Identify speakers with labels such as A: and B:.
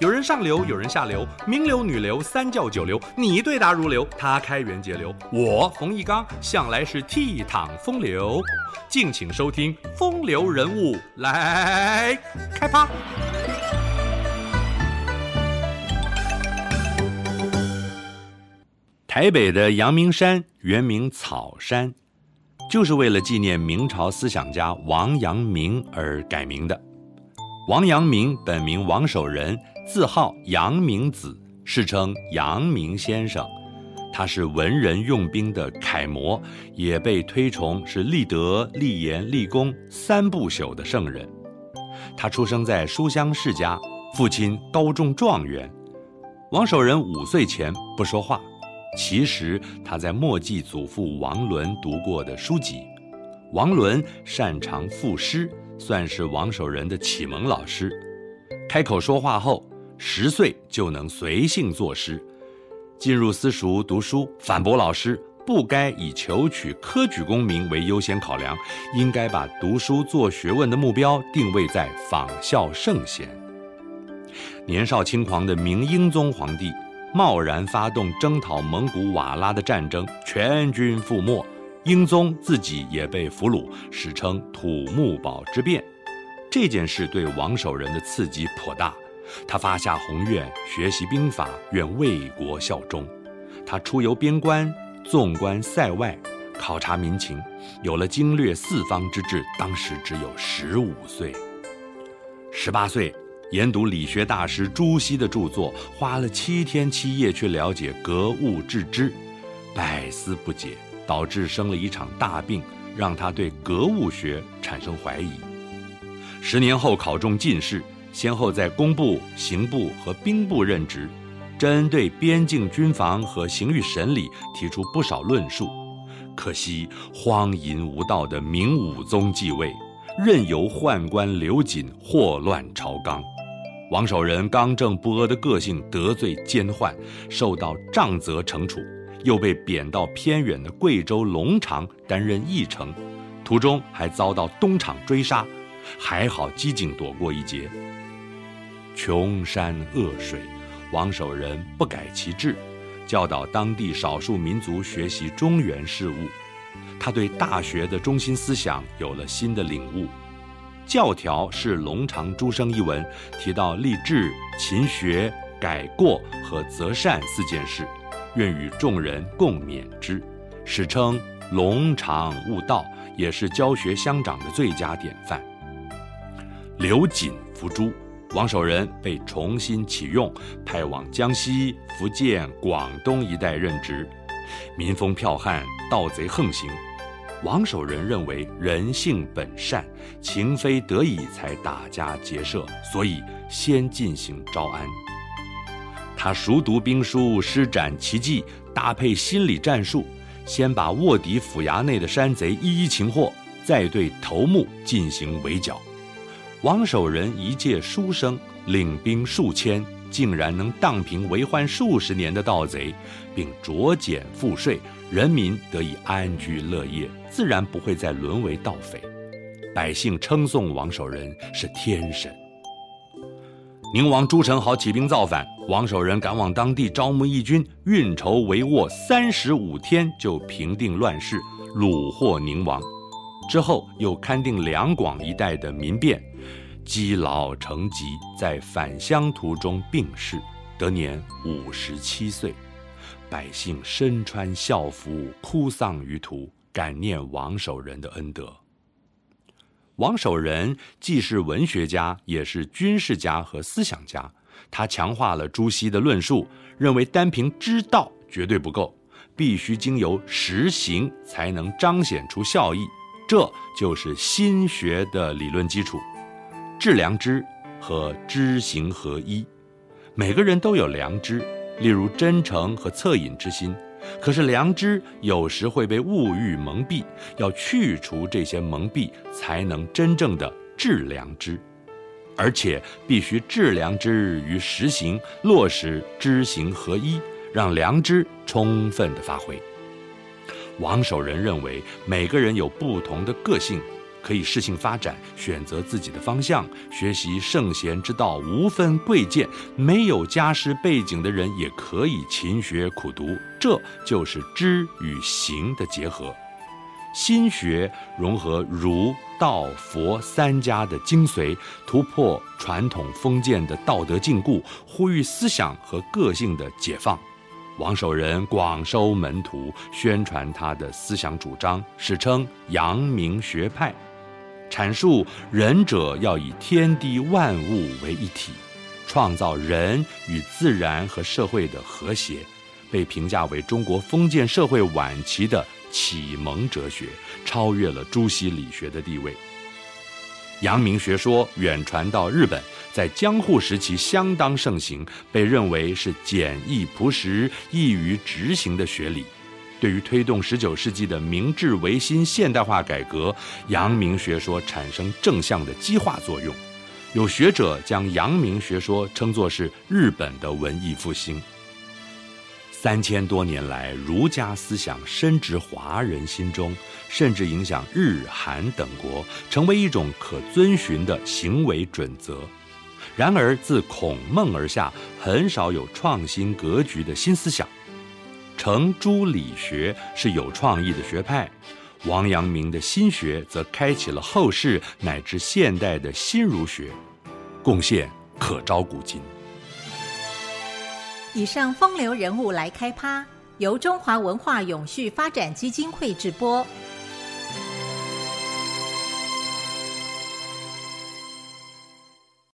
A: 有人上流，有人下流，名流、女流、三教九流，你對答如流，他開源節流。我馮翊綱向來是倜儻風流，敬請收聽《風流人物》來開趴。台北的陽明山原名草山，就是為了紀念明朝思想家王陽明而改名的。王陽明本名王守仁。自號陽明子，世稱陽明先生，他是文人用兵的楷模，也被推崇是立德、立言、立功三不朽的聖人。他出生在書香世家，父親高中狀元。王守仁五歲前不說話，其實他在默記祖父王倫讀過的書籍。王倫擅長賦詩，算是王守仁的啟蒙老師。開口說話後，十歲就能隨性作詩，進入私塾讀書，反駁老師，不該以求取科舉功名為優先考量，應該把讀書做學問的目標定位在仿效聖賢。年少輕狂的明英宗皇帝，貿然發動征討蒙古瓦剌的戰爭，全軍覆沒，英宗自己也被俘虜，史稱土木堡之變。這件事對王守仁的刺激頗大。他發下宏願，學習兵法，願為國效忠。他出遊邊關，縱觀塞外，考察民情，有了經略四方之志。當時只有十五歲，十八歲研讀理學大師朱熹的著作，花了七天七夜去了解格物致知，百思不解，導致生了一場大病，讓他對格物學產生懷疑。十年後考中進士。先後在工部、刑部和兵部任職，針對邊境軍防和刑獄審理提出不少論述。可惜荒淫無道的明武宗繼位，任由宦官劉瑾禍亂朝綱。王守仁剛正不阿的個性得罪姦宦，受到杖責懲處，又被貶到偏遠的貴州龍場擔任驛丞，途中還遭到東廠追殺，還好機警躲過一劫。窮山惡水，王守仁不改其志，教導當地少數民族學習中原事物。他對大學的中心思想有了新的領悟。教條示龍場諸生一文提到立志、勤學、改過和擇善四件事，願與眾人共勉之。史稱龍場悟道，也是教學相長的最佳典範。劉瑾伏誅。王守仁被重新啟用，派往江西、福建、廣東一帶任職。民風剽悍，盜賊橫行。王守仁認為人性本善，情非得已才打家劫舍，所以先進行招安。他熟讀兵書，施展奇計，搭配心理戰術，先把臥底府衙內的山賊一一擒獲，再對頭目進行圍剿。王守仁一介書生，領兵數千，竟然能蕩平為患數十年的盜賊，並酌減賦稅，人民得以安居樂業，自然不會再淪為盜匪。百姓稱頌王守仁是天神。寧王朱宸濠起兵造反，王守仁趕往當地招募義軍，運籌帷幄，三十五天就平定亂世，虜獲寧王。之後又勘定兩廣一帶的民變，積勞成疾，在返鄉途中病逝，得年五十七歲。百姓身穿孝服，哭喪於途，感念王守仁的恩德。王守仁既是文學家，也是軍事家和思想家。他強化了朱熹的論述，認為單憑知道絕對不夠，必須經由實行才能彰顯出效益。這就是心學的理論基礎，致良知和知行合一。每個人都有良知，例如真誠和惻隱之心。可是良知有時會被物欲蒙蔽，要去除這些蒙蔽，才能真正的致良知。而且必須致良知於實行，落實知行合一，讓良知充分的發揮。王守仁認為，每個人有不同的個性，可以適性發展，選擇自己的方向，學習聖賢之道，無分貴賤，沒有家世背景的人也可以勤學苦讀，這就是知與行的結合。心學融合儒、道、佛三家的精髓，突破傳統封建的道德禁錮，呼籲思想和個性的解放。王守仁廣收門徒，宣傳他的思想主張，史稱陽明學派。闡述仁者要以天地萬物為一體，創造人與自然和社會的和諧，被評價為中國封建社會晚期的啟蒙哲學，超越了朱熹理學的地位。陽明學說遠傳到日本。在江戶時期相當盛行，被認為是簡易樸實、易於執行的學理。對於推動十九世紀的明治維新現代化改革，陽明學說產生正向的激化作用。有學者將陽明學說稱作是日本的文藝復興。三千多年來，儒家思想深植華人心中，甚至影響日韓等國，成為一種可遵循的行為準則。然而，自孔孟而下，很少有創新格局的新思想。程朱理學是有創意的學派，王陽明的心學則開啟了後世乃至現代的新儒學，貢獻可昭古今。以上風流人物來開趴，由中華文化永續發展基金會直播。